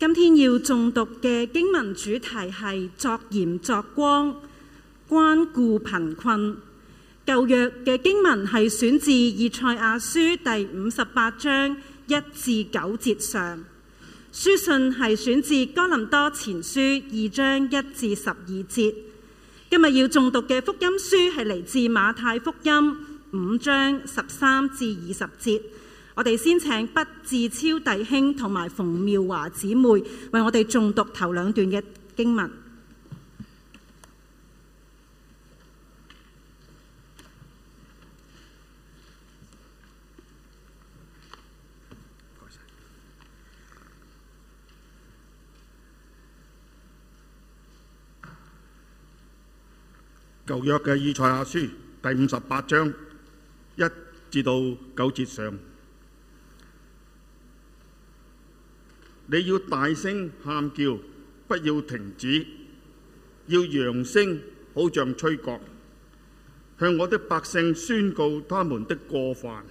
今天要誦讀嘅經文主題係作鹽作光，關顧貧困。舊約嘅經文係選自以賽亞書第五十八章一至九節上。書信係選自哥林多前書二章一至十二節。今日要誦讀嘅福音書係嚟自馬太福音五章十三至二十節。我哋先請畢志超弟兄同埋馮妙華姊妹為我哋重讀頭兩段嘅經文，《舊約》嘅《以賽亞書》第五十八章一至到九節上。你要大聲喊叫，不要停止，要揚聲，好像吹角，向我的百姓宣告他們的過犯，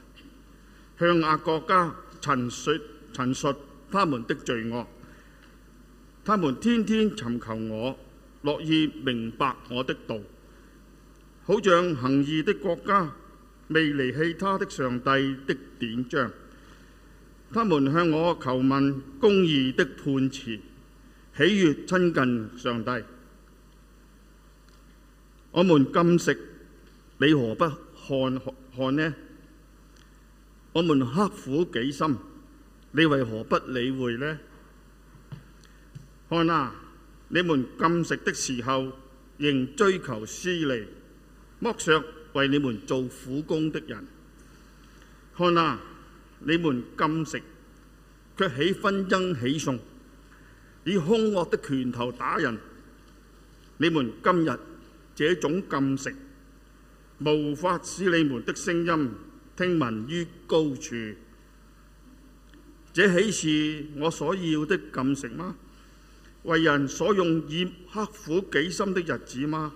向雅各家陳述陳述他們的罪惡。他們天天尋求我，樂意明白我的道，好像行義的國家未離棄他的上帝的典章。他們向我求問公義的判詞，喜悅親近上帝。我們禁食，你何不看看呢？我們刻苦己心，你為何不理會呢？看啊！你們禁食的時候，仍追求私利，剝削為你們做苦工的人。看啊！你們禁食，卻起紛爭起鬨，以兇惡的拳頭打人。你們今日這種禁食，無法使你們的聲音聽聞於高處。這豈是我所要的禁食嗎？為人所用以刻苦己心的日子嗎？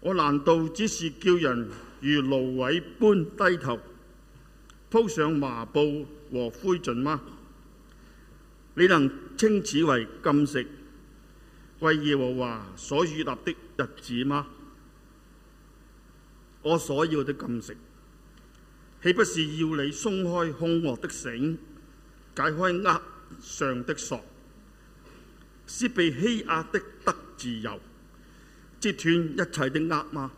我難道只是叫人如蘆葦般低頭？鋪上麻布和灰燼嗎？你能稱此為禁食，為耶和華所預立的日子嗎？我所要的禁食，豈不是要你鬆開兇惡的繩，解開軛上的索，使被欺壓的得自由，截斷一切的軛嗎？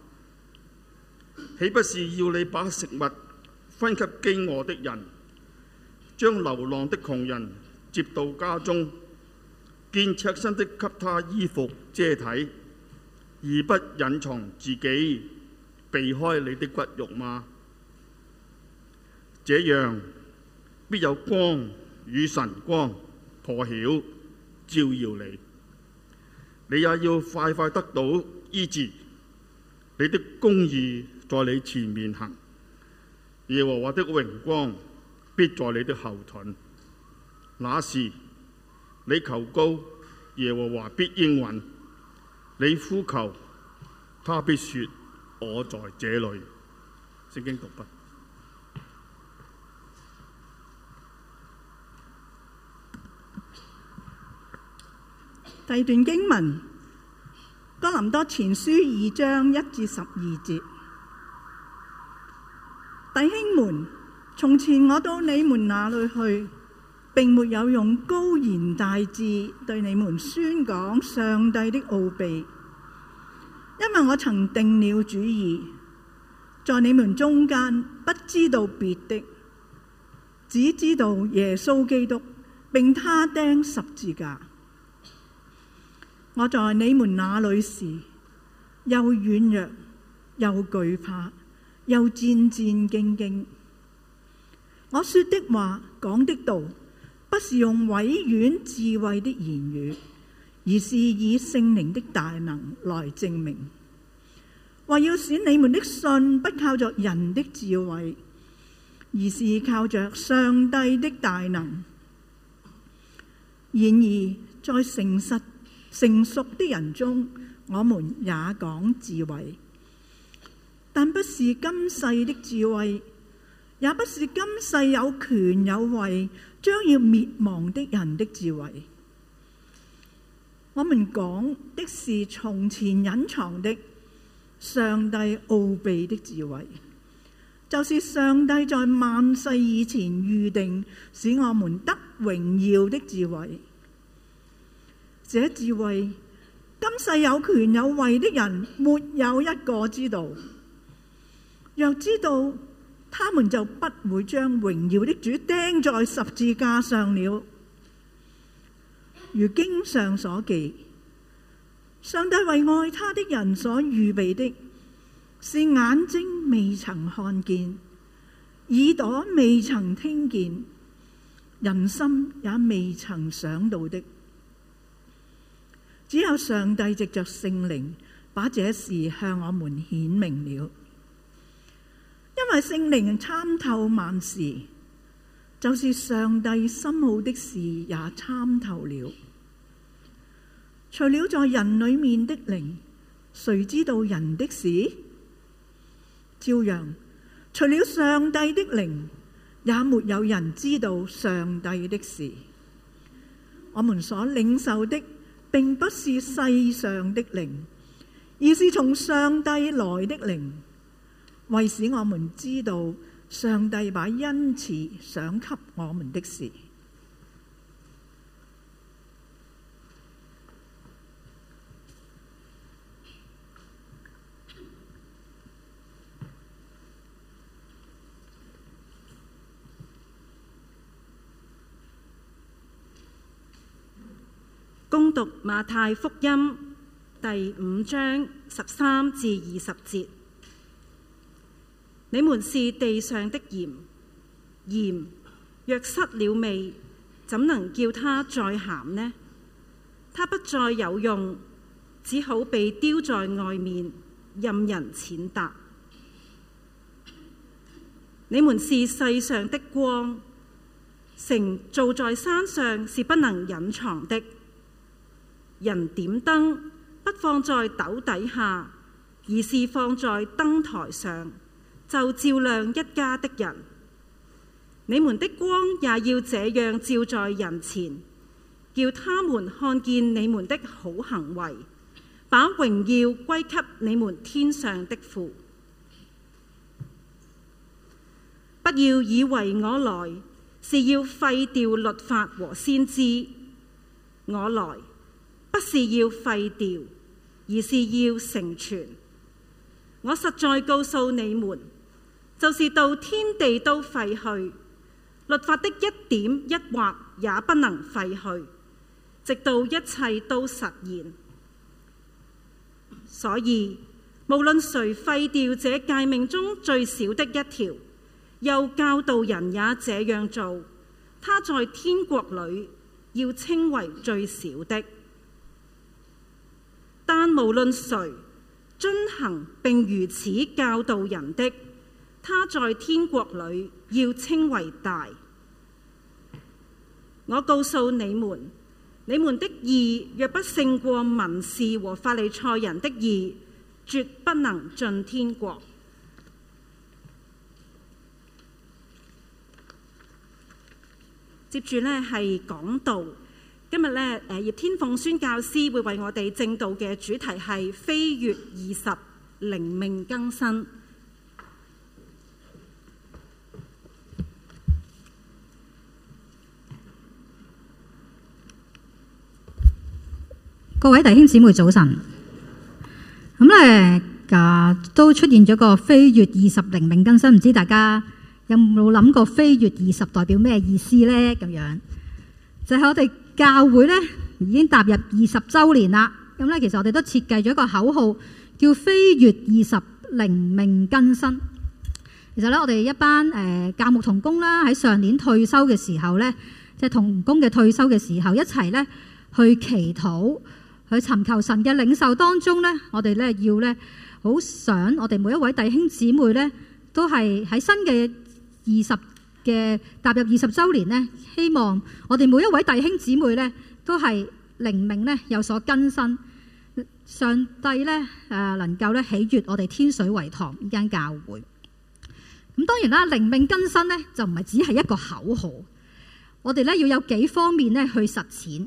豈不是要你把食物，分給飢餓的人，將流浪的窮人接到家中，見赤身的給他衣服遮體，而不隱藏自己，避開你的骨肉嗎？這樣必有光與神光破曉，照耀你，你也要快快得到醫治。你的公義在你前面行。耶和華的榮光必在你的後盾，那時你求高，耶和華必應允；你呼求，他必說：我在這裏。聖經讀畢。第二段經文：哥林多前書二章一至十二節。弟兄們，從前我到你們那裏去，並沒有用高言大智對你們宣講上帝的奧秘，因為我曾定了主意，在你們中間不知道別的，只知道耶穌基督，並他釘十字架。我在你們那裏時，又軟弱又懼怕。又戰戰兢兢。我說的話，講的道，不是用委婉智慧的言語，而是以聖靈的大能來證明。為要使你們的信不靠著人的智慧，而是靠著上帝的大能。然而，在誠實成熟的人中，我們也講智慧。但不是今世的智慧，也不是今世有權有位將要滅亡的人的智慧。我們講的是從前隱藏的上帝奧秘的智慧，就是上帝在萬世以前預定使我們得榮耀的智慧。這智慧，今世有權有位的人沒有一個知道。若知道，他們就不會將榮耀的主釘在十字架上了。如經上所記，上帝為愛他的人所預備的，是眼睛未曾看見，耳朵未曾聽見，人心也未曾想到的。只有上帝藉着聖靈，把這事向我們顯明了。因為聖靈參透萬事，就是上帝深奧的事也參透了。除了在人裏面的靈，誰知道人的事？照樣，除了上帝的靈，也沒有人知道上帝的事。我們所領受的，並不是世上的靈，而是從上帝來的靈。為使我們知道，上帝把恩賜賞給我們的事。公讀馬太福音第五章十三至二十節。你們是地上的鹽，鹽若失了味，怎能叫它再鹹呢？它不再有用，只好被丟在外面，任人踐踏。你們是世上的光，城造在山上是不能隱藏的。人點燈不放在斗底下，而是放在燈台上。就照亮一家的人，你們的光也要這樣照在人前，叫他們看見你們的好行為，把榮耀歸給你們天上的父。不要以為我來是要廢掉律法和先知，我來不是要廢掉，而是要成全。我實在告訴你們。就是到天地都廢去，律法的一點一畫也不能廢去，直到一切都實現。所以，無論誰廢掉這誡命中最小的一條，又教導人也這樣做，他在天國裏要稱為最小的。但無論誰遵行並如此教導人的，他在天國裏要稱為大。我告訴你們，你們的義若不勝過文士和法利賽人的義，絕不能進天國。接住呢係講道，今日呢，誒，葉天鳳宣教師會為我哋正道嘅主題係飛越二十，靈命更新。各位弟兄姊妹早晨，咁咧，啊都出現咗個飛越二十，靈命更新，唔知大家有冇諗過飛越二十代表咩意思咧？咁樣就係我哋教會咧已經踏入二十周年啦。咁咧，其實我哋都設計咗一個口號，叫飛越二十，靈命更新。其實咧，我哋一班誒教牧同工啦，喺上年退休嘅時候咧，即係同工嘅退休嘅時候一齊咧去祈禱，去尋求神嘅領受當中呢，我哋呢要呢好想我哋每一位弟兄姊妹呢，都係喺新嘅二十嘅踏入二十週年呢，希望我哋每一位弟兄姊妹呢，都係靈命呢有所更新，上帝呢誒能夠呢喜悅我哋天水圍堂呢間教會。咁當然啦，靈命更新呢就唔係只係一個口號，我哋呢要有幾方面呢去實踐。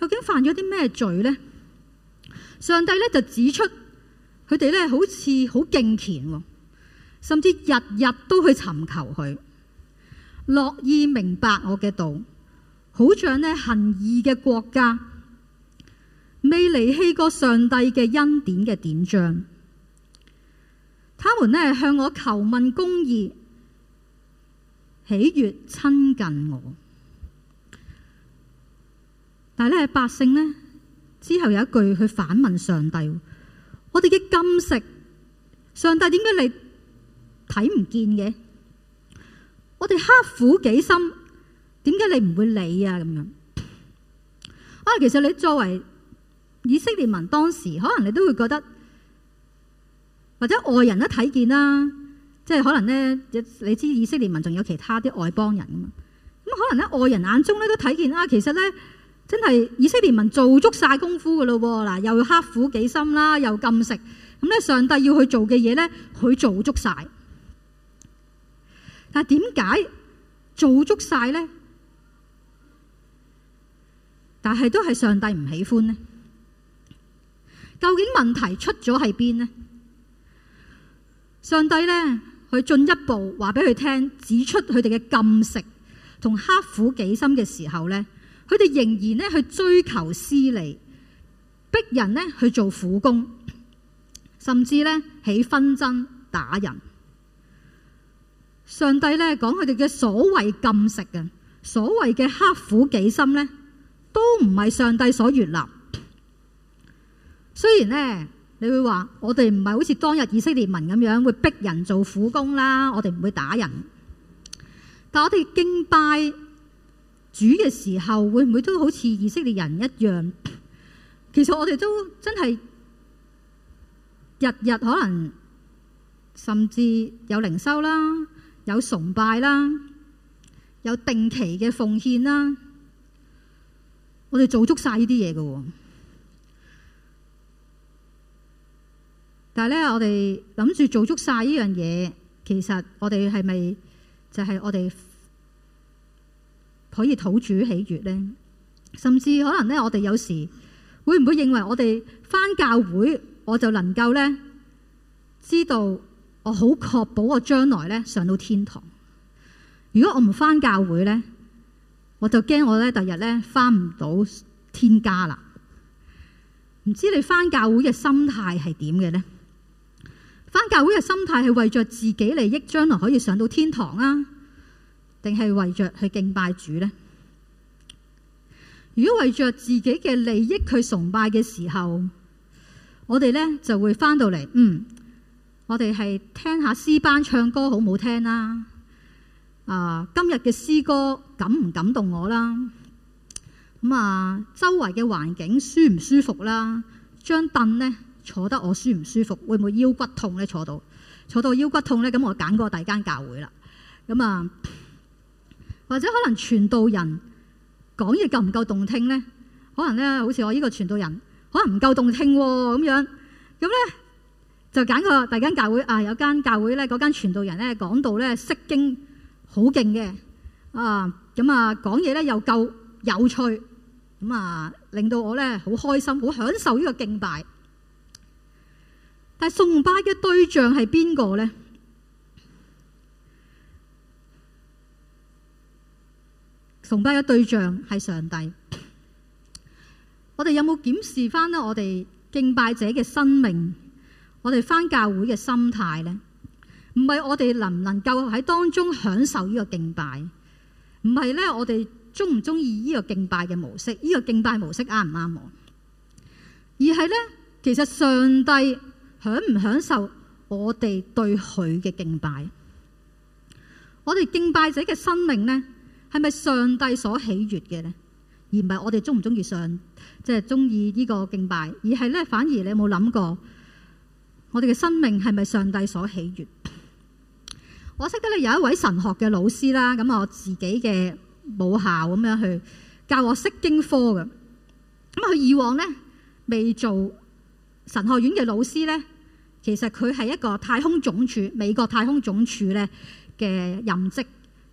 究竟犯咗啲咩罪呢？上帝呢就指出，佢哋呢好似好敬虔，甚至日日都去尋求佢，樂意明白我嘅道，好像呢行義嘅國家，未離棄過上帝嘅恩典嘅典章。他們呢向我求問公義，喜悅親近我。但係咧，百姓咧之後有一句去反問上帝，哦：，我哋嘅禁食，上帝點解你睇唔見嘅？我哋刻苦己心，點解你唔會理啊？咁樣啊？其實你作為以色列民，當時可能你都會覺得或者外人都睇見啦，啊，即係可能咧，你知以色列民仲有其他啲外邦人噶嘛？咁可能咧，外人眼中咧都睇見啦，啊。其實咧。真係以色列民做足曬功夫噶咯喎，嗱又刻苦己心啦，又禁食，咁咧上帝要去做嘅嘢咧，佢做足曬。但係點解做足曬咧？但係都係上帝唔喜歡咧。究竟問題出咗喺邊咧？上帝咧去進一步話俾佢聽，指出佢哋嘅禁食同刻苦己心嘅時候咧，佢哋仍然咧去追求私利，逼人咧去做苦工，甚至咧起紛爭打人。上帝咧講佢哋嘅所謂禁食啊，所謂嘅刻苦己心咧，都唔係上帝所設立。雖然咧你會話我哋唔係好似當日以色列民咁樣會逼人做苦工啦，我哋唔會打人，但我哋敬拜。煮嘅時候會唔會都好似以色列人一樣？其實我哋都真係日日可能，甚至有靈修啦，有崇拜啦，有定期嘅奉獻啦，我哋做足晒呢啲嘢嘅。但係呢，我哋諗住做足晒呢樣嘢，其實我哋係咪就係我哋？可以土主喜悅咧，甚至可能咧，我哋有時會唔會認為我哋翻教會我就能夠咧知道我好確保我將來咧上到天堂。如果我唔翻教會咧，我就驚我咧第日咧翻唔到天家啦。唔知你翻教會嘅心態係點嘅呢？翻教會嘅心態係為著自己利益，將來可以上到天堂啊？定係為着去敬拜主呢？如果為着自己嘅利益去崇拜嘅時候，我哋呢就會翻到嚟。嗯，我哋係聽下詩班唱歌好唔好聽啦？啊。啊，今日嘅詩歌感唔感動我啦？咁啊，周圍嘅環境舒唔舒服啦？張凳呢坐得我舒唔舒服？會唔會腰骨痛呢？坐到坐到腰骨痛呢，咁我揀過第二間教會啦。咁啊～或者可能傳道人講嘢夠唔夠動聽咧？可能咧，好似我依個傳道人，可能唔夠動聽喎咁樣。咁咧就揀個第間教會啊，有間教會咧，嗰間傳道人咧講道咧釋經好勁嘅啊，咁啊講嘢咧又夠有趣，咁啊令到我咧好開心，好享受依個敬拜。但係崇拜嘅對象係邊個咧？崇拜嘅對象係上帝，我哋有冇檢視返呢？我哋敬拜者嘅生命，我哋返教會嘅心態呢？唔係我哋能唔能夠喺當中享受呢個敬拜，唔係呢，我哋鍾唔鍾意呢個敬拜嘅模式，呢個敬拜模式啱唔啱我，而係呢，其實上帝享唔享受我哋對佢嘅敬拜，我哋敬拜者嘅生命呢？係咪上帝所喜悅嘅呢？而唔係我哋中唔中意上，即係中意呢個敬拜，而係咧，反而你有冇諗過？我哋嘅生命係咪上帝所喜悅？我識得咧有一位神學嘅老師啦，咁我自己嘅母校咁樣去教我識經科嘅。咁佢以往呢，未做神學院嘅老師呢，其實佢係一個太空總署，美國太空總署咧嘅任職。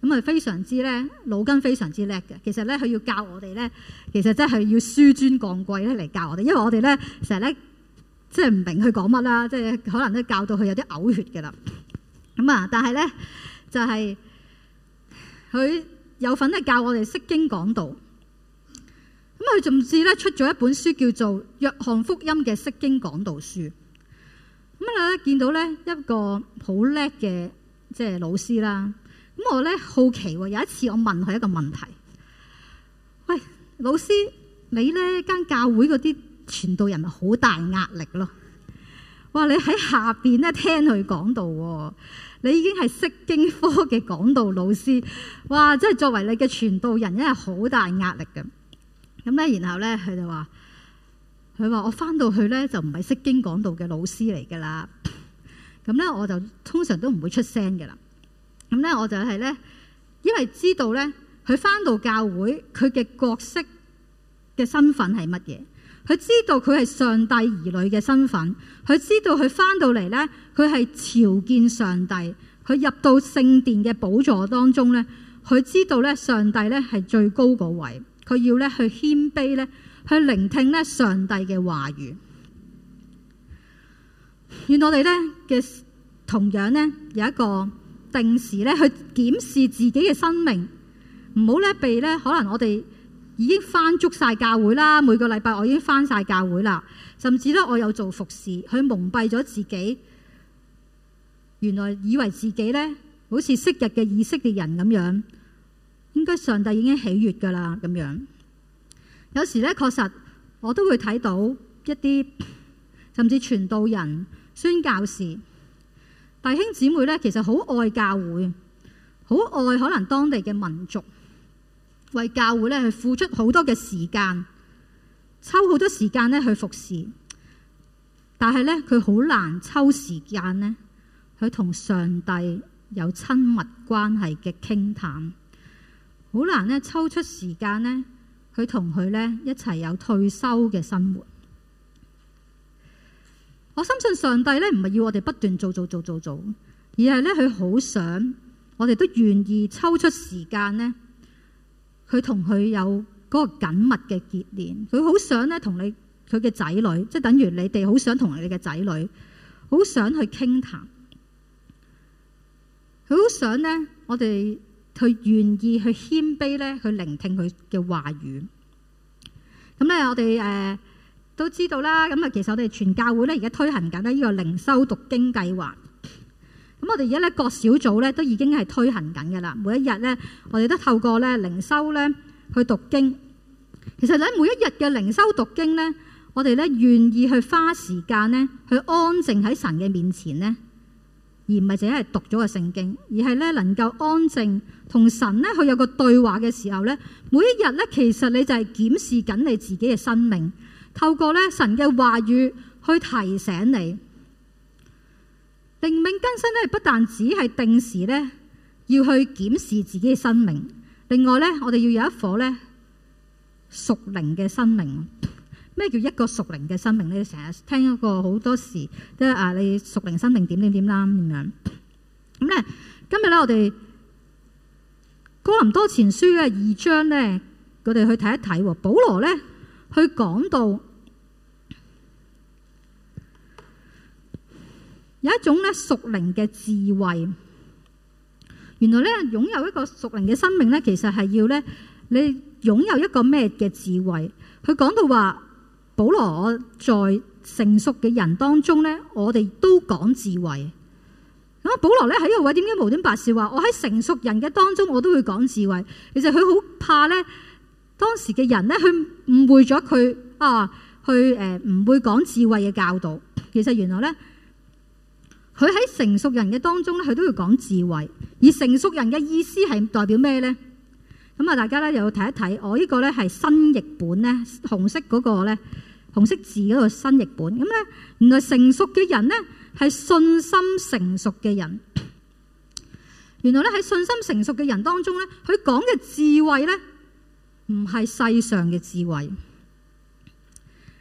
咁啊，非常之咧，腦筋非常之叻嘅。其實咧，佢要教我哋咧，其實真係要紓尊降貴咧嚟教我哋，因為我哋咧成日咧即係唔明佢講乜啦，即係可能都教到佢有啲嘔血嘅啦。咁啊，但係咧就係、是、佢有份咧教我哋釋經講道。咁佢甚至咧出咗一本書叫做《約翰福音》嘅釋經講道書。咁啊咧見到咧一個好叻嘅即係老師啦。咁我咧好奇喎、哦，有一次我問佢一個問題，喂，老師，你呢間教會嗰啲傳道人咪好大壓力咯？哇！你喺下邊咧聽佢講道、哦，你已經係釋經科嘅講道老師，哇！即係作為你嘅傳道人，真係好大壓力嘅。咁咧，然後咧，佢就話，佢話我返到去咧就唔係釋經講道嘅老師嚟㗎喇。咁咧，我就通常都唔會出聲㗎喇。咁咧我就係咧，因為知道咧，佢翻到教會佢嘅角色嘅身份係乜嘢？佢知道佢係上帝兒女嘅身份，佢知道佢翻到嚟咧，佢係朝見上帝，佢入到聖殿嘅寶座當中咧，佢知道咧上帝咧係最高嗰位，佢要咧去謙卑咧，去聆聽咧上帝嘅話語。原來我哋咧嘅同樣咧有一個。定時咧去檢視自己嘅生命，唔好咧被咧可能我哋已經翻足晒教會啦，每個禮拜我已經翻晒教會啦，甚至咧我有做服侍，去蒙蔽咗自己，原來以為自己咧好似昔日嘅以色列人咁樣，應該上帝已經喜悦噶啦咁樣。有時咧確實我都會睇到一啲甚至傳道人宣教士。弟兄姊妹咧，其實好愛教會，好愛可能當地嘅民族，為教會咧去付出好多嘅時間，抽好多時間咧去服侍。但係咧佢好難抽時間呢去同上帝有親密關係嘅傾談，談，好難呢抽出時間呢，去同佢呢一齊有退休嘅生活。我相信上帝咧，唔係要我哋不斷做做做做做，而係咧佢好想我哋都願意抽出時間咧，去同佢有嗰個緊密嘅結連，佢好想咧同你佢嘅仔女，即係等於你哋好想同你哋嘅仔女，好想去傾談。佢好想咧，我哋佢願意去謙卑咧，去聆聽佢嘅話語。咁咧，我哋誒。都知道啦，咁啊，其實我哋全教會咧，而家推行緊咧呢個靈修讀經計劃。咁、嗯、我哋而家咧各小組咧都已經係推行緊㗎啦。每一日咧，我哋都透過咧靈修咧去讀經。其實咧，每一日嘅靈修讀經咧，我哋咧願意去花時間咧去安靜喺神嘅面前咧，而唔係淨係讀咗個聖經，而係咧能夠安靜同神咧去有個對話嘅時候咧，每一日咧其實你就係檢視緊你自己嘅生命。透過咧神嘅話語去提醒你，靈命更新咧，不但只係定時咧要去檢視自己嘅生命，另外咧，我哋要有一顆咧屬靈嘅生命。咩叫一個屬靈嘅生命咧？你成日聽一個好多時，即係啊，你屬靈生命點點點啦咁樣。咁咧，今日咧我哋《哥林多前書》咧二章咧，我哋去睇一睇。保羅咧。佢講到有一種咧屬靈嘅智慧，原來咧擁有一個屬靈嘅生命咧，其實係要咧你擁有一個咩嘅智慧？佢講到話，保羅在成熟嘅人當中咧，我哋都講智慧。咁保羅咧喺呢個位，點解無端白事話我喺成熟人嘅當中我都會講智慧？其實佢好怕咧。當時嘅人呢，佢誤會咗佢啊，佢誒唔會講智慧嘅教導。其實原來呢，佢喺成熟人嘅當中呢，佢都要講智慧。而成熟人嘅意思係代表咩呢？咁啊，大家呢又要睇一睇。我呢個呢係新譯本呢，紅色嗰個呢，紅色字嗰個新譯本。咁呢，原來成熟嘅人呢係信心成熟嘅人。原來呢喺信心成熟嘅人當中呢，佢講嘅智慧呢。唔係世上嘅智慧，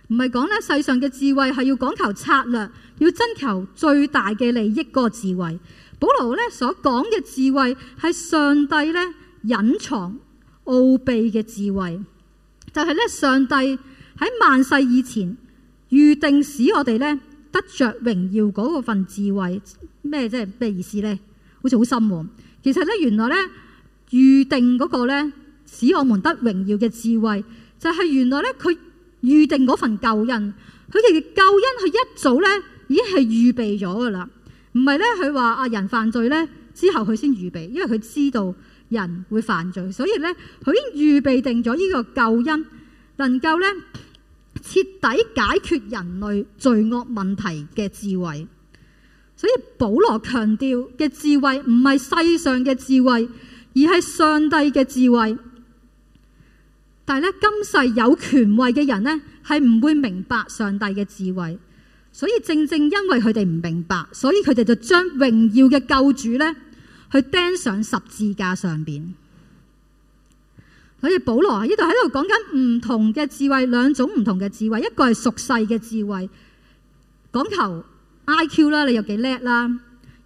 唔係講咧世上嘅智慧係要講求策略，要徵求最大嘅利益嗰個智慧。保羅咧所講嘅智慧係上帝咧隱藏奧秘嘅智慧，就係、是、咧上帝喺萬世以前預定使我哋咧得着榮耀嗰個份智慧。咩即係咩意思咧？好似好深喎。其實咧原來咧預定嗰、那個咧。使我們得榮耀嘅智慧，就係原來咧，佢預定嗰份救恩，佢嘅救恩，佢一早咧已經係預備咗㗎啦。唔係咧，佢話啊人犯罪咧之後，佢先預備，因為佢知道人會犯罪，所以咧佢已經預備定咗呢個救恩，能夠咧徹底解決人類罪惡問題嘅智慧。所以保羅強調嘅智慧唔係世上嘅智慧，而係上帝嘅智慧。但係咧，今世有權位嘅人呢，係唔會明白上帝嘅智慧，所以正正因為佢哋唔明白，所以佢哋就將榮耀嘅救主呢，去釘上十字架上邊。所以保羅啊，呢度喺度講緊唔同嘅智慧，兩種唔同嘅智慧，一個係俗世嘅智慧，講求 IQ 啦，你又幾叻啦，而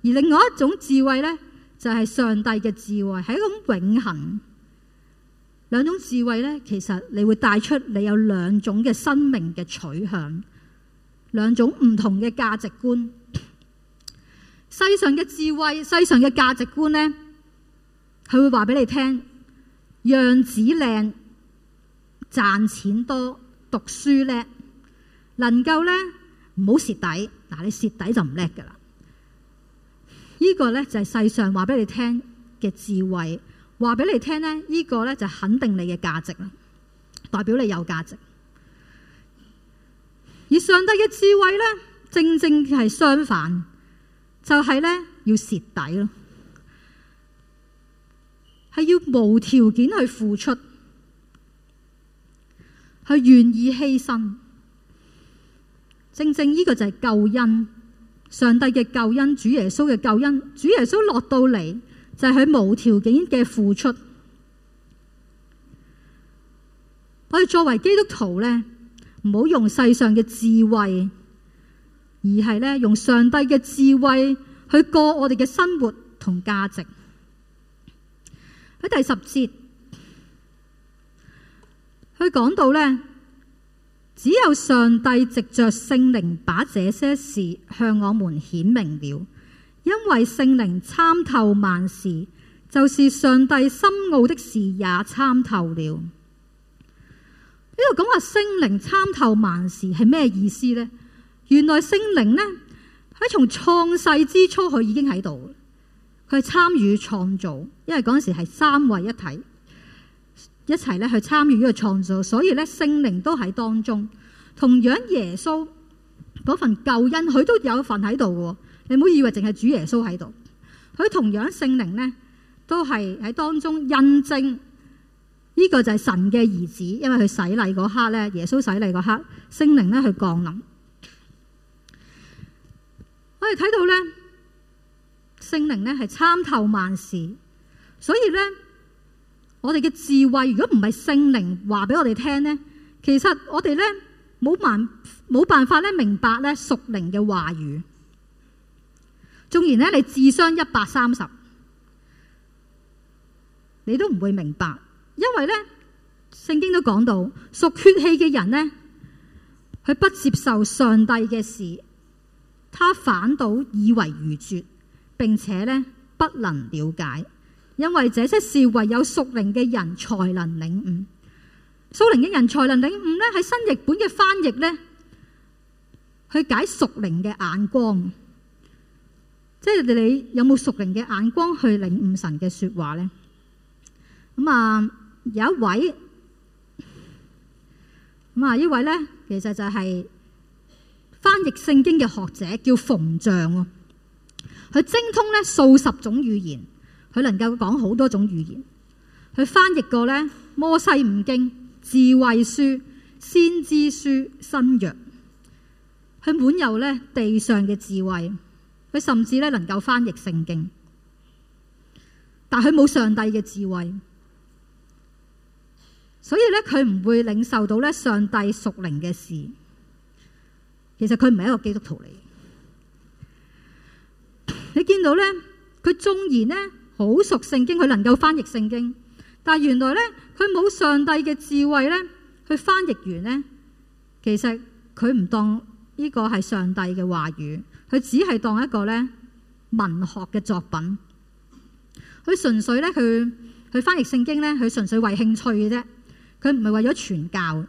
另外一種智慧呢，就係上帝嘅智慧，係一種永恆。兩種智慧呢，其實你會帶出你有兩種嘅生命嘅取向，兩種唔同嘅價值觀。世上嘅智慧，世上嘅價值觀呢，佢會話俾你聽：樣子靚，賺錢多，讀書叻，能夠呢唔好蝕底。嗱，你蝕底就唔叻噶啦。呢個呢，就係世上話俾你聽嘅智慧。話俾你聽呢，呢個呢，就肯定你嘅價值啦，代表你有價值。而上帝嘅智慧呢，正正係相反，就係呢，要蝕底咯，係要無條件去付出，係願意犧牲。正正呢個就係救恩，上帝嘅救恩，主耶穌嘅救恩，主耶穌落到嚟，就係佢無條件嘅付出，我哋作為基督徒呢，唔好用世上嘅智慧，而係咧用上帝嘅智慧去過我哋嘅生活同價值。喺第十節，佢講到呢，只有上帝藉着聖靈把這些事向我們顯明了。因為聖靈參透萬事，就是上帝深奧的事也參透了。呢度講話，聖靈參透萬事係咩意思呢？原來聖靈呢，喺從創世之初佢已經喺度，佢參與創造，因為嗰陣時係三位一體，一齊呢去參與呢個創造，所以呢，聖靈都喺當中。同樣耶穌嗰份救恩，佢都有一份喺度嘅。你唔好以為淨係主耶穌喺度，佢同樣聖靈呢都係喺當中印證呢、呢個就係神嘅兒子。因為佢洗禮嗰刻咧，耶穌洗禮嗰刻，聖靈咧去降臨。我哋睇到咧，聖靈咧係參透萬事，所以咧我哋嘅智慧如果唔係聖靈話俾我哋聽咧，其實我哋咧冇辦冇辦法咧明白咧屬靈嘅話語。縱然呢，你智商一百三十，你都唔會明白，因為呢，聖經都講到屬血氣嘅人呢，佢不接受上帝嘅事，他反倒以為愚拙，並且呢，不能了解，因為這些事唯有屬靈嘅人才能領悟。屬靈嘅人才能領悟呢，喺新譯本嘅翻譯呢，去解屬靈嘅眼光。即係你有冇熟靈嘅眼光去領悟神嘅說話呢？咁啊，有一位咁啊，呢位呢，其實就係翻譯聖經嘅學者，叫馮象。佢精通咧數十種語言，佢能夠講好多種語言。佢翻譯過呢《摩西五經》《智慧書》《先知書》《新約》。佢滿有呢地上嘅智慧。佢甚至咧能夠翻譯聖經，但係佢冇上帝嘅智慧，所以咧佢唔會領受到咧上帝屬靈嘅事。其實佢唔係一個基督徒嚟。你見到咧，佢縱然咧好熟聖經，佢能夠翻譯聖經，但係原來咧佢冇上帝嘅智慧咧，佢翻譯完咧，其實佢唔當呢個係上帝嘅話語。佢只係當一個咧文學嘅作品，佢純粹咧去去翻譯聖經咧，佢純粹為興趣嘅啫，佢唔係為咗傳教。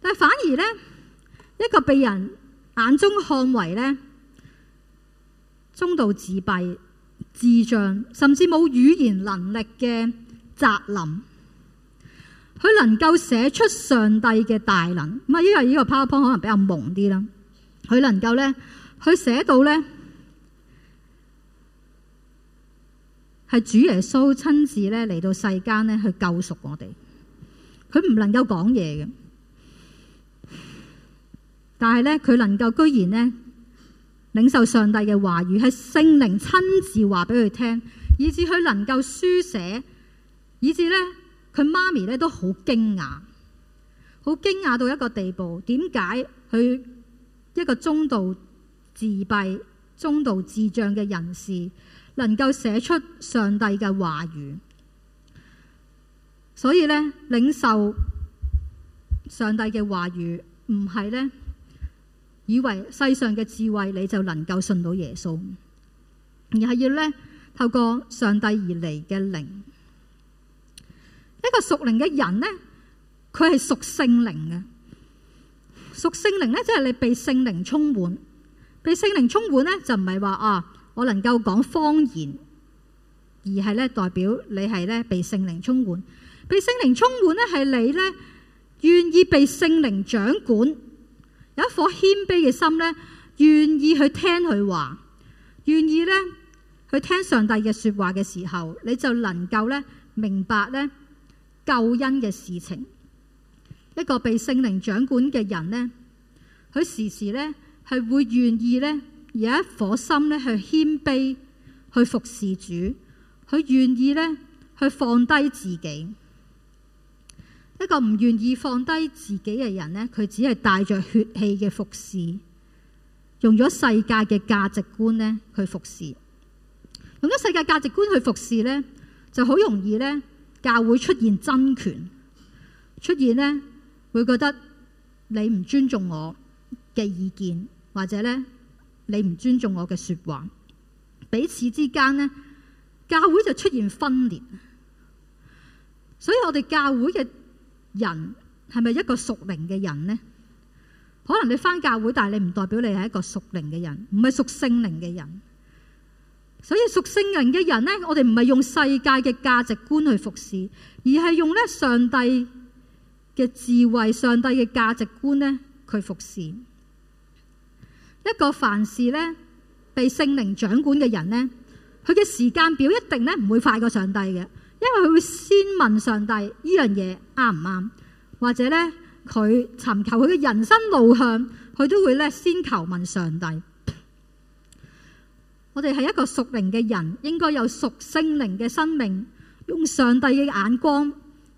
但係反而咧，一個被人眼中看為咧中度自閉、智障，甚至冇語言能力嘅宅男，佢能夠寫出上帝嘅大能。咁啊，因為呢個 PowerPoint 可能比較朦啲啦。佢能夠呢？佢寫到呢，係主耶穌親自呢嚟到世間呢去救贖我哋。佢唔能夠講嘢嘅，但係呢，佢能夠居然呢領受上帝嘅話語，係聖靈親自話俾佢聽，以至佢能夠書寫，以至呢，佢媽咪呢都好驚訝，好驚訝到一個地步。點解佢？一個中度自閉、中度智障嘅人士，能夠寫出上帝嘅話語，所以呢，領受上帝嘅話語，唔係呢以為世上嘅智慧你就能夠信到耶穌，而係要呢透過上帝而嚟嘅靈。一個屬靈嘅人呢，佢係屬聖靈嘅。屬聖靈咧，即係你被聖靈充滿，被聖靈充滿咧，就唔係話啊，我能夠講方言，而係咧代表你係咧被聖靈充滿，被聖靈充滿咧係你咧願意被聖靈掌管，有一顆謙卑嘅心咧，願意去聽佢話，願意咧去聽上帝嘅說話嘅時候，你就能夠咧明白咧救恩嘅事情。一個被聖靈掌管嘅人呢，佢時時呢係會願意呢有一顆心呢去謙卑去服侍主，佢願意呢去放低自己。一個唔願意放低自己嘅人呢，佢只係帶著血氣嘅服侍，用咗世界嘅價值觀呢去服侍，用咗世界價值觀去服侍呢，就好容易呢教會出現爭權，出現呢。會覺得你唔尊重我嘅意見，或者咧你唔尊重我嘅說話，彼此之間呢，教會就出現分裂。所以我哋教會嘅人係咪一個屬靈嘅人呢？可能你翻教會，但係你唔代表你係一個屬靈嘅人，唔係屬聖靈嘅人。所以屬聖靈嘅人呢，我哋唔係用世界嘅價值觀去服侍，而係用咧上帝嘅智慧、上帝嘅價值觀呢，佢服侍一個凡事呢，被聖靈掌管嘅人呢，佢嘅時間表一定呢唔會快過上帝嘅，因為佢會先問上帝呢樣嘢啱唔啱，或者呢，佢尋求佢嘅人生路向，佢都會呢先求問上帝。我哋係一個屬靈嘅人，應該有屬聖靈嘅生命，用上帝嘅眼光。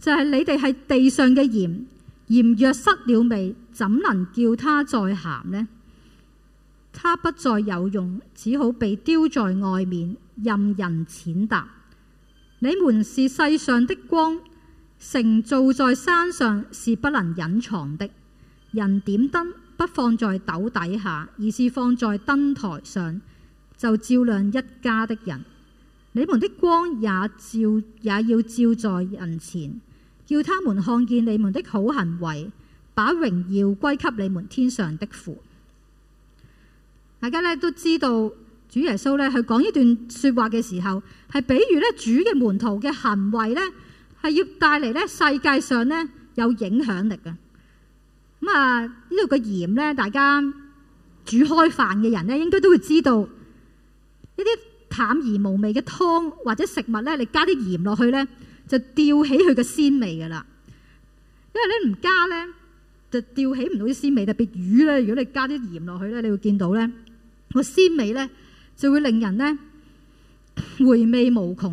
就係你哋係地上嘅鹽，鹽若失了味，怎能叫它再鹹呢？它不再有用，只好被丟在外面，任人踐踏。你們是世上的光，城造在山上，是不能隱藏的。人點燈，不放在斗底下，而是放在燈台上，就照亮一家的人。你們的光也照，也要照在人前，叫他們看見你們的好行為，把榮耀歸給你們天上的父。大家咧都知道，主耶穌咧去講呢說一段說話嘅時候，係比喻咧主嘅門徒嘅行為咧，係要帶嚟咧世界上咧有影響力嘅。咁啊，呢度嘅鹽咧，大家煮開飯嘅人咧，應該都會知道呢啲。淡而無味嘅湯或者食物咧，你加啲鹽落去咧，就吊起佢嘅鮮味噶啦。因為你唔加咧，就吊起唔到啲鮮味。特別魚咧，如果你加啲鹽落去咧，你會見到咧個鮮味咧就會令人咧回味無窮，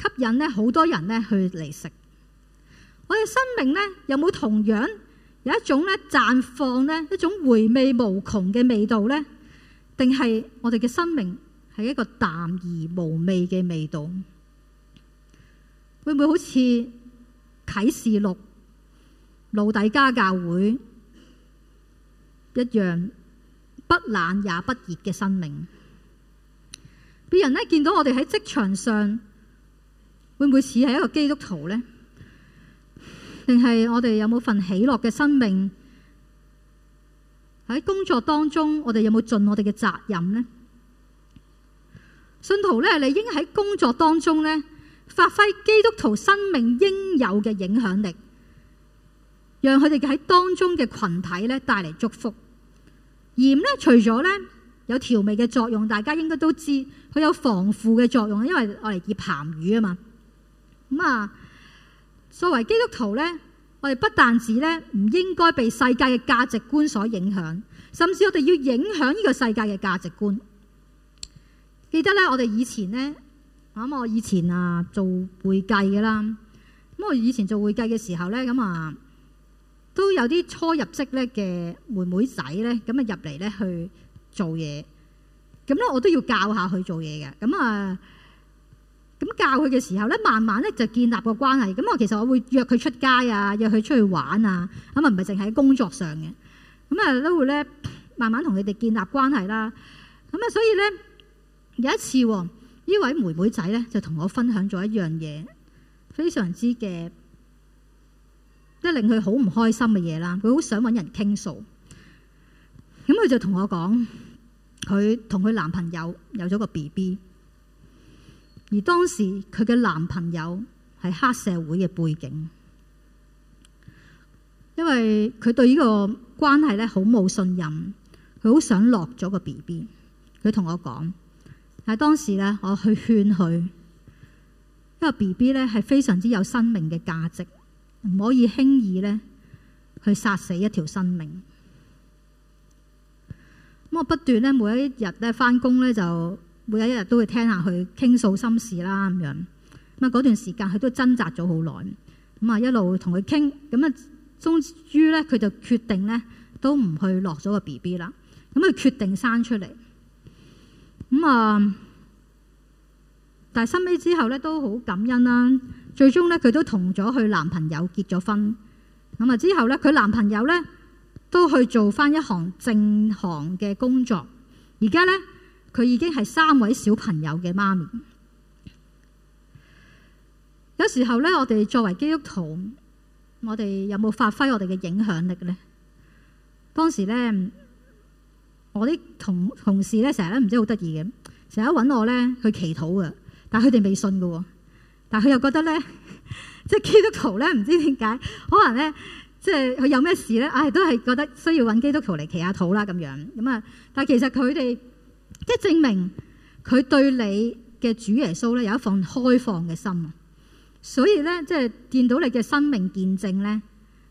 吸引咧好多人咧去嚟食。我哋生命咧有冇同樣有一種咧綻放咧一種回味無窮嘅味道咧？定係我哋嘅生命係一個淡而無味嘅味道，會唔會好似啟示錄、老底嘉教會一樣不冷也不熱嘅生命？別人呢，見到我哋喺職場上，會唔會似係一個基督徒呢？定係我哋有冇份喜樂嘅生命？喺工作當中，我哋有冇盡我哋嘅責任呢？信徒咧，你應喺工作當中咧，發揮基督徒生命應有嘅影響力，讓佢哋喺當中嘅群體咧帶嚟祝福。鹽咧，除咗咧有調味嘅作用，大家應該都知佢有防腐嘅作用，因為我哋叫鹹魚啊嘛。咁、嗯、啊，作為基督徒咧。我哋不但止咧唔應該被世界嘅價值觀所影響，甚至我哋要影響呢個世界嘅價值觀。記得咧，我哋以前咧，咁我以前啊做會計嘅啦。咁我以前做會計嘅時候咧，咁、嗯、啊都有啲初入職咧嘅妹妹仔咧，咁啊入嚟咧去做嘢。咁、嗯、咧，我都要教下佢做嘢嘅。咁、嗯、啊。咁教佢嘅時候咧，慢慢咧就建立個關係。咁我其實我會約佢出街啊，約佢出去玩啊。咁啊，唔係淨係喺工作上嘅。咁啊，都會咧慢慢同佢哋建立關係啦。咁啊，所以咧有一次呢位妹妹仔咧就同我分享咗一樣嘢，非常之嘅，即係令佢好唔開心嘅嘢啦。佢好想搵人傾訴。咁佢就同我講，佢同佢男朋友有咗個 BB。而當時佢嘅男朋友係黑社會嘅背景，因為佢對呢個關係呢好冇信任，佢好想落咗個 BB，佢同我講。但係當時呢，我去勸佢，因為 BB 呢係非常之有生命嘅價值，唔可以輕易呢去殺死一條生命。咁我不斷呢每一日呢返工呢就。每一日都會聽下佢傾訴心事啦咁樣，咁啊嗰段時間佢都掙扎咗好耐，咁啊一路同佢傾，咁啊終於咧佢就決定咧都唔去落咗個 B B 啦，咁佢決定生出嚟，咁啊、呃，但係收尾之後咧都好感恩啦，最終咧佢都同咗佢男朋友結咗婚，咁啊之後咧佢男朋友咧都去做翻一行正行嘅工作，而家咧。佢已經係三位小朋友嘅媽咪。有時候咧，我哋作為基督徒，我哋有冇發揮我哋嘅影響力咧？當時咧，我啲同同事咧成日咧唔知好得意嘅，成日揾我咧去祈禱嘅，但佢哋未信㗎。但佢又覺得咧，即係基督徒咧，唔知點解可能咧，即係佢有咩事咧，唉，都係覺得需要揾基督徒嚟祈下禱啦咁樣。咁啊，但其實佢哋。即係證明佢對你嘅主耶穌咧有一份開放嘅心，所以咧即係見到你嘅生命見證咧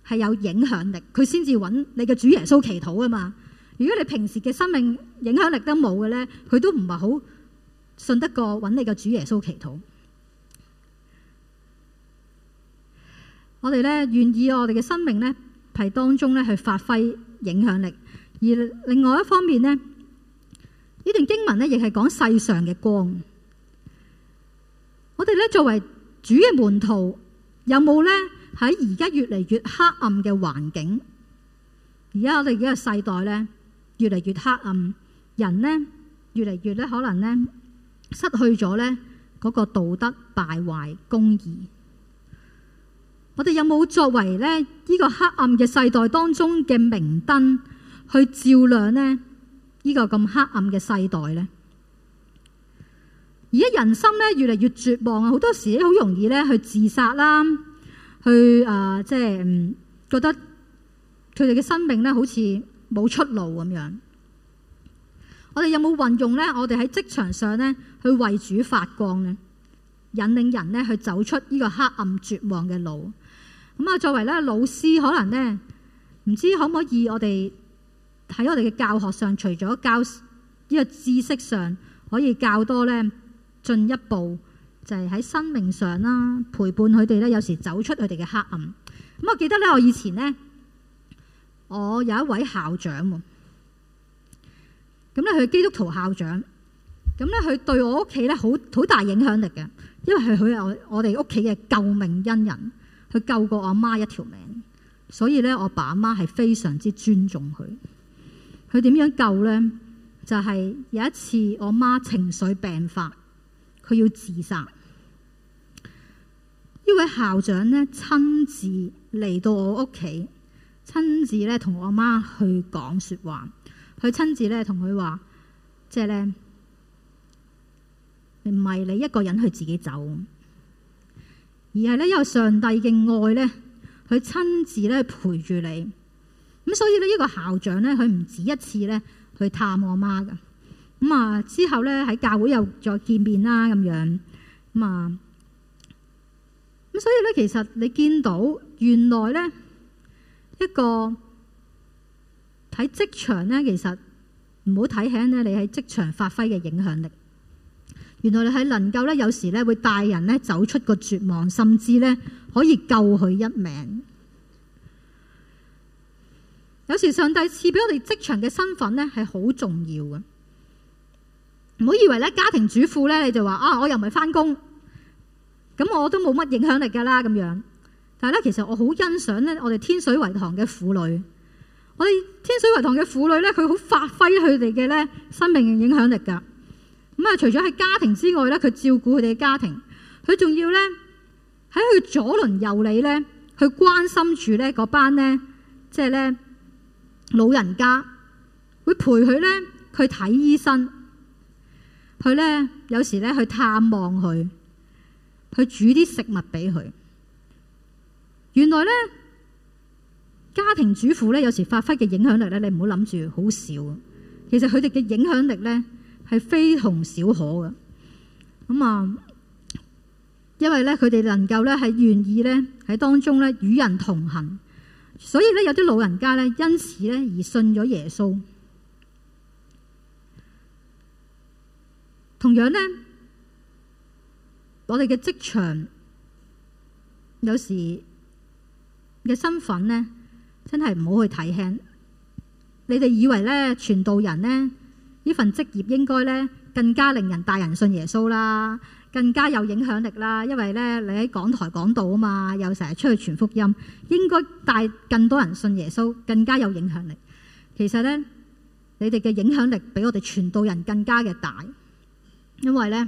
係有影響力，佢先至揾你嘅主耶穌祈禱啊嘛。如果你平時嘅生命影響力都冇嘅咧，佢都唔係好信得過揾你嘅主耶穌祈禱。我哋咧願意我哋嘅生命咧係當中咧去發揮影響力，而另外一方面咧。呢段經文呢，亦係講世上嘅光。我哋呢，作為主嘅門徒，有冇呢？喺而家越嚟越黑暗嘅環境？而家我哋呢個世代呢，越嚟越黑暗，人呢，越嚟越呢，可能呢，失去咗呢嗰個道德敗壞公義。我哋有冇作為呢，呢個黑暗嘅世代當中嘅明燈去照亮呢？呢個咁黑暗嘅世代呢，而家人心呢，越嚟越絕望啊！好多時好容易呢，去自殺啦，去啊、呃、即係覺得佢哋嘅生命呢，好似冇出路咁樣。我哋有冇運用呢？我哋喺職場上呢，去為主發光呢，引領人呢，去走出呢個黑暗絕望嘅路。咁啊，作為呢老師，可能呢，唔知可唔可以我哋？喺我哋嘅教學上，除咗教呢個知識上可以教多咧，進一步就係、是、喺生命上啦，陪伴佢哋咧。有時走出佢哋嘅黑暗。咁，我記得咧，我以前咧，我有一位校長喎，咁咧佢係基督徒校長，咁咧佢對我屋企咧好好大影響力嘅，因為係佢係我我哋屋企嘅救命恩人，佢救過我媽一條命，所以咧我爸阿媽係非常之尊重佢。佢點樣救呢？就係有一次，我媽情緒病發，佢要自殺。呢位校長呢，親自嚟到我屋企，親自呢同我媽去講説話，佢親自呢同佢話，即係呢唔係你一個人去自己走，而係呢，因為上帝嘅愛呢，佢親自呢陪住你。咁所以呢，呢個校長呢，佢唔止一次呢去探我媽㗎。咁啊，之後呢喺教會又再見面啦，咁樣咁啊。咁所以呢，其實你見到原來呢一個喺職場呢，其實唔好睇輕呢，你喺職場發揮嘅影響力。原來你係能夠呢，有時呢會帶人呢走出個絕望，甚至呢可以救佢一命。有時上帝賜俾我哋職場嘅身份咧，係好重要嘅。唔好以為咧，家庭主婦咧，你就話啊，我又唔係返工，咁我都冇乜影響力噶啦。咁樣，但係咧，其實我好欣賞咧，我哋天水圍堂嘅婦女，我哋天水圍堂嘅婦女咧，佢好發揮佢哋嘅咧生命嘅影響力噶。咁啊，除咗喺家庭之外咧，佢照顧佢哋嘅家庭，佢仲要咧喺佢左鄰右里咧，去關心住咧嗰班咧，即係咧。老人家會陪佢呢去睇醫生，佢呢有時呢去探望佢，去煮啲食物俾佢。原來呢家庭主婦呢有時發揮嘅影響力呢，你唔好諗住好少，其實佢哋嘅影響力呢係非同小可嘅。咁啊，因為呢佢哋能夠呢係願意呢喺當中呢與人同行。所以咧，有啲老人家呢，因此呢，而信咗耶穌。同樣呢，我哋嘅職場有時嘅身份呢，真係唔好去睇輕。你哋以為呢，傳道人呢，呢份職業應該呢，更加令人大人信耶穌啦。更加有影響力啦，因為咧，你喺講台講到啊嘛，又成日出去傳福音，應該帶更多人信耶穌，更加有影響力。其實咧，你哋嘅影響力比我哋傳道人更加嘅大，因為咧，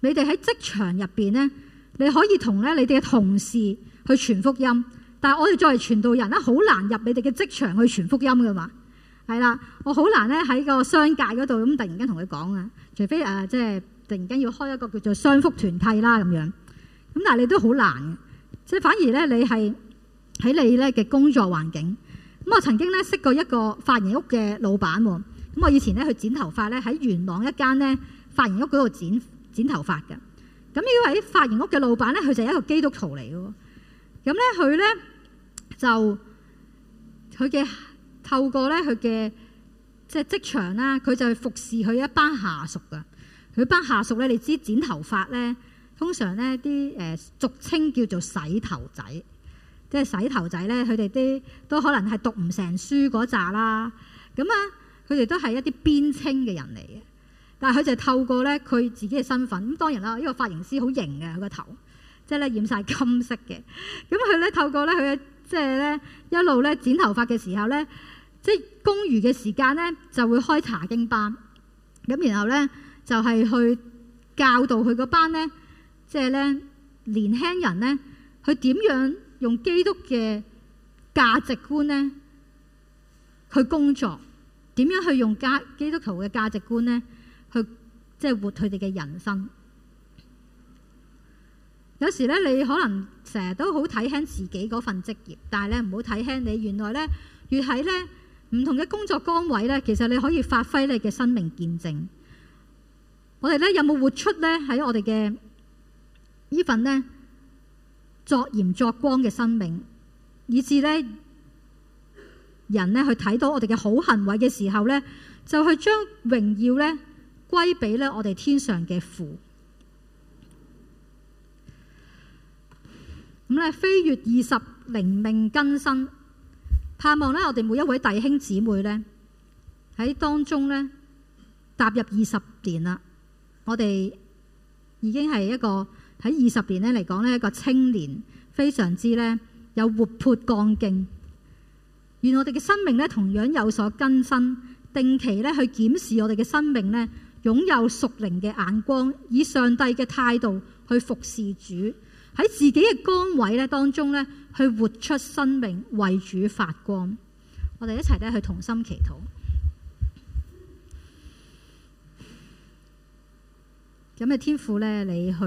你哋喺職場入邊咧，你可以同咧你哋嘅同事去傳福音，但係我哋作為傳道人咧，好難入你哋嘅職場去傳福音噶嘛。係啦，我好難咧喺個商界嗰度咁突然間同佢講啊，除非誒即係。就是突然間要開一個叫做雙福團契啦咁樣，咁但係你都好難嘅，即係反而咧你係喺你咧嘅工作環境。咁我曾經咧識過一個髮型屋嘅老闆喎，咁我以前咧去剪頭髮咧，喺元朗一間咧髮型屋嗰度剪剪頭髮嘅。咁呢位髮型屋嘅老闆咧，佢就係一個基督徒嚟嘅。咁咧佢咧就佢嘅透過咧佢嘅即係職場啦，佢就去服侍佢一班下屬噶。佢班下屬咧，你知剪頭髮咧，通常咧啲誒俗稱叫做洗頭仔，即係洗頭仔咧。佢哋啲都可能係讀唔成書嗰扎啦。咁啊，佢哋都係一啲邊青嘅人嚟嘅。但係佢就透過咧佢自己嘅身份咁，當然啦，呢個髮型師好型嘅佢個頭，即係咧染晒金色嘅。咁佢咧透過咧佢嘅即係咧一路咧剪頭髮嘅時候咧，即係工餘嘅時間咧就會開查經班咁，然後咧。就係去教導佢嗰班呢，即係咧年輕人呢，佢點樣用基督嘅價值觀呢去工作？點樣去用加基督徒嘅價值觀呢去即係、就是、活佢哋嘅人生？有時咧，你可能成日都好睇輕自己嗰份職業，但係咧唔好睇輕你。原來咧，越喺咧唔同嘅工作崗位咧，其實你可以發揮你嘅生命見證。我哋咧有冇活出咧喺我哋嘅呢份呢作鹽作光嘅生命，以致咧人呢去睇到我哋嘅好行為嘅時候呢，就去將榮耀呢歸俾咧我哋天上嘅父。咁咧飛越二十靈命更新。盼望咧我哋每一位弟兄姊妹呢，喺當中呢踏入二十年啦。我哋已經係一個喺二十年咧嚟講咧一個青年，非常之咧有活潑剛勁。願我哋嘅生命咧同樣有所更新，定期咧去檢視我哋嘅生命咧，擁有屬靈嘅眼光，以上帝嘅態度去服侍主，喺自己嘅崗位咧當中咧去活出生命為主發光。我哋一齊咧去同心祈禱。咁嘅天父呢，你去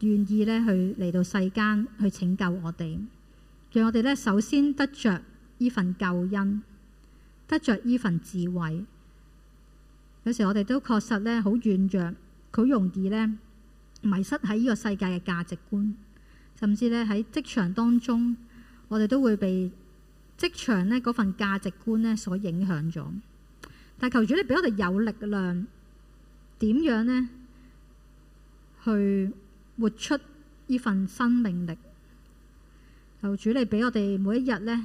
願意呢，去嚟到世間去拯救我哋，讓我哋呢，首先得着呢份救恩，得着呢份智慧。有時我哋都確實呢，好軟弱，好容易呢，迷失喺呢個世界嘅價值觀，甚至呢，喺職場當中，我哋都會被職場呢嗰份價值觀呢所影響咗。但係求主你俾我哋有力量，點樣咧去活出依份生命力？求主你俾我哋每一日咧，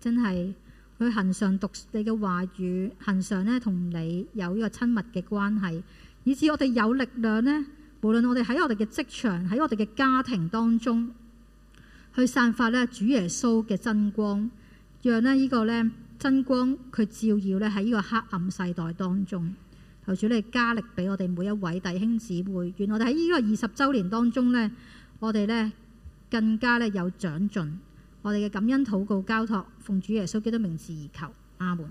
真係去恒常讀你嘅話語，恒常咧同你有依個親密嘅關係，以致我哋有力量咧，無論我哋喺我哋嘅職場，喺我哋嘅家庭當中，去散發咧主耶穌嘅真光，讓咧依個咧。真光佢照耀咧喺呢個黑暗世代當中，求主你加力俾我哋每一位弟兄姊妹，願我哋喺呢個二十周年當中呢，我哋呢更加呢有長進，我哋嘅感恩禱告交託奉主耶穌基督名字而求，阿門。